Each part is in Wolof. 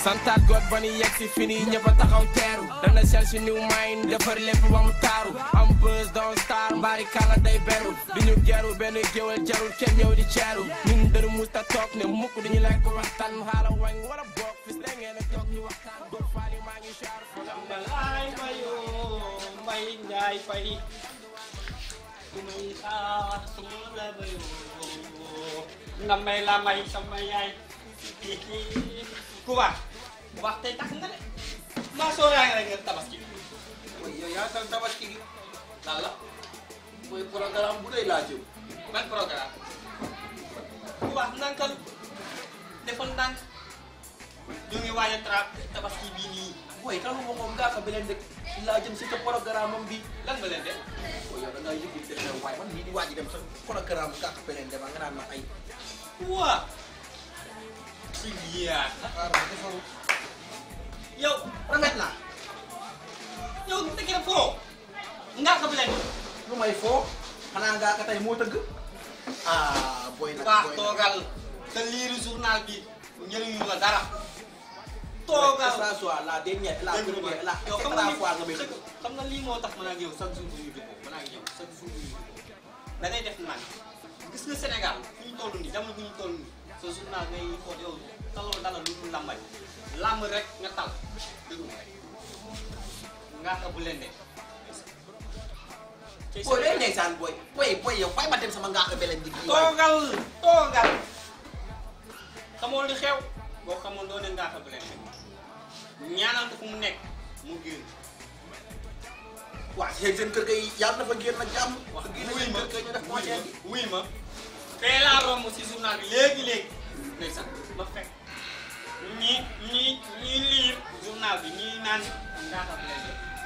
santaat God ba ni yegg si fi nii ñëpp a taxaw teeru dana sel si new mind defar lépp ba mu taaru am buzz doon star mbaari kàlla day beru du ñu geru benn géwél jarul kenn ñëw di ceeru ñun dër mus ta ne mukk du ñu lekk waxtaan xaala wañ wala boog fis da ngeen a ñu waxtaan góor faali maa ngi xaar fanam na laay mayo mbay njaay fay may xaar suma la mayo bu baax tey tax nga de maa soo raay nga tabaski bi. mooy yow yaa tal tabaski gi. lan la. mooy programme bu dee laa jëm. ban programme. bu baax a tra tabaski bii nii. mooy talu ma laa jëm si te programme bi lan nga leen def. mooy yow da ngaa yëngu te xew waaye man mii di waaj dem sa programme ngaa ko ba leen demal nga naan ma ay. waa. si lii yaa. ngay foo xanaa ngaa ka tey moo tëgg ah booy te liiru journal bi njëriñu la dara toogal que ça soit la dernière la première lii moo tax mën naa ñëw def naan gis nga Sénégal fu ñu toll nii jamono bu ñu toll nii sa journal ngay xool yow taloo dala lu dul làmbaj làmb rek nga tal nga xabu leen de boo doy ndeysaan booy booy booy yow bàyyi ma dem sama ngaa ëmbeleen bi toogal toogal xamoon li xew boo xamoon doo ne ngaa ëmbeleen bi ñaanal ko fu mu nekk mu génn waaw yéen seen kër ga na ma tey laa romb si journal bi léegi léegi ndeysaan ma fekk ñi ñi ñi liir journal bi ñi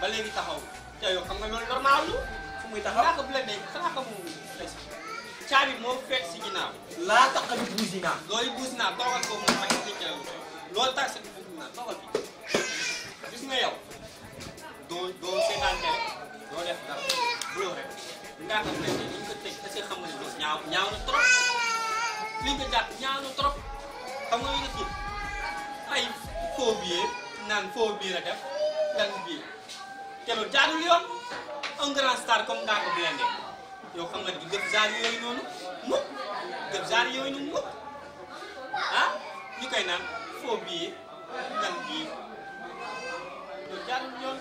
ba léegi taxaw te yow xam nga loolu normal lu muy taxaw xanaa ko bu la dee xanaa ko mu caabi moo fekk si ginnaaw. laa tax a buusi naa. loolu buusi naa toogal ko moom ak li ca loolu tax sa bëgg naa toogal bi gis nga yow doo doo seetaan télé doo def dara bu yow rek ngaa ko bu la dee liñ ko tëj est-ce que xam nga ne ñaaw ñaaw na trop liñ ko jàpp ñaaw na trop xam nga li nga tudd ay faux billets naan faux billet la def lan billet. te lu jaadul yoon un grand star comme Ngaaka xam nga du gëf yooyu noonu mukk gëf genre yooyu noonu mukk ah ñu koy naan foo bii ngan bii yow jaadul yoon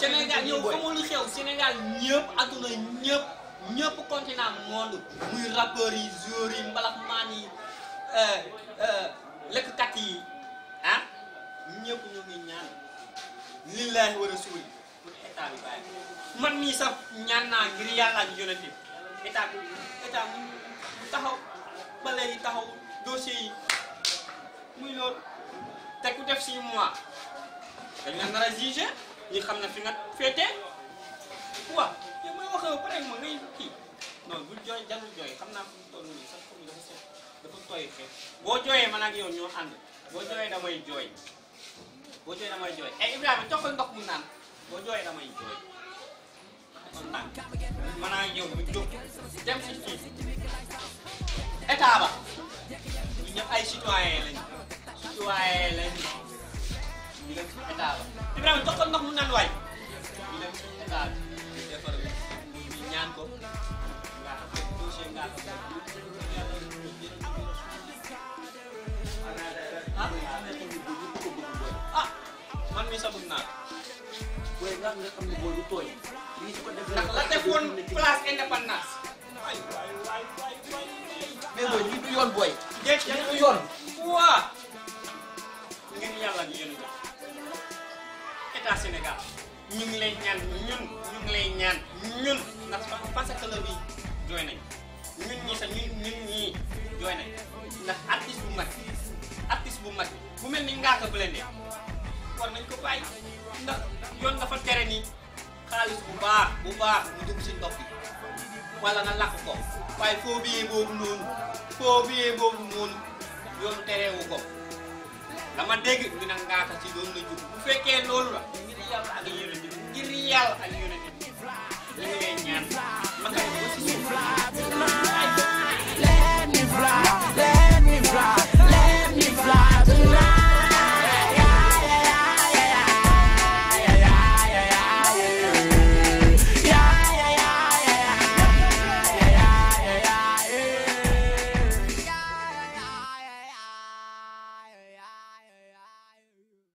Sénégal yow xamoo lu xew Sénégal ñëpp adduna ñëpp ñëpp continent monde muy rappeurs yi joueurs yi mbalax maan euh, euh, ah ñëpp ñu ngi ñaan lillaahi wa rasuuli pour état bi man mii sax ñaan naa ngir yàlla ak yonent bi état bi taxaw bale yi taxaw dossier yi muy loolu te ku def si mois dañ la nar a jugé ñi xam na fi nga féete waaw yow may wax yow pare ma ngay kii non bul jooy jarul jooy xam naa fu mu toll nii sax comme dafa set dafa tooy xeet boo jooyee man ak yow ñoo ànd boo jooyee damay jooy. boo jooy damay jooy eh Ibrahima jox ko ndox mu naan boo jooy damay jooy kontaan man ak yow ñu jóg dem si kii état ba ñu ñëpp ay citoyen lañ citoyen lañ ñu dem si état ba Ibrahima jox ko mu naan waay bi. nga xam ne booy bu tooy. li ko def ndax la defoon place indépendance. mais booy lii du yoon booy. déet lii du yoon. waa. ngeen yàlla di yéen état Sénégal ñu ngi lay ñaan ñun ñu ngi lay ñaan ñun ndax parce que la bi jooy nañ ñun ñi sax ñun ñun ñii jooy nañ ndax artiste bu mag artiste bu mag bu mel ni Ngaaka Blindé baax bu baax mu dugg suñ bopp yi wala nga lakk ko waaye foo biyee boobu noonu foo biyee boobu noonu yoon tereewu ko dama dégg ñu ne ci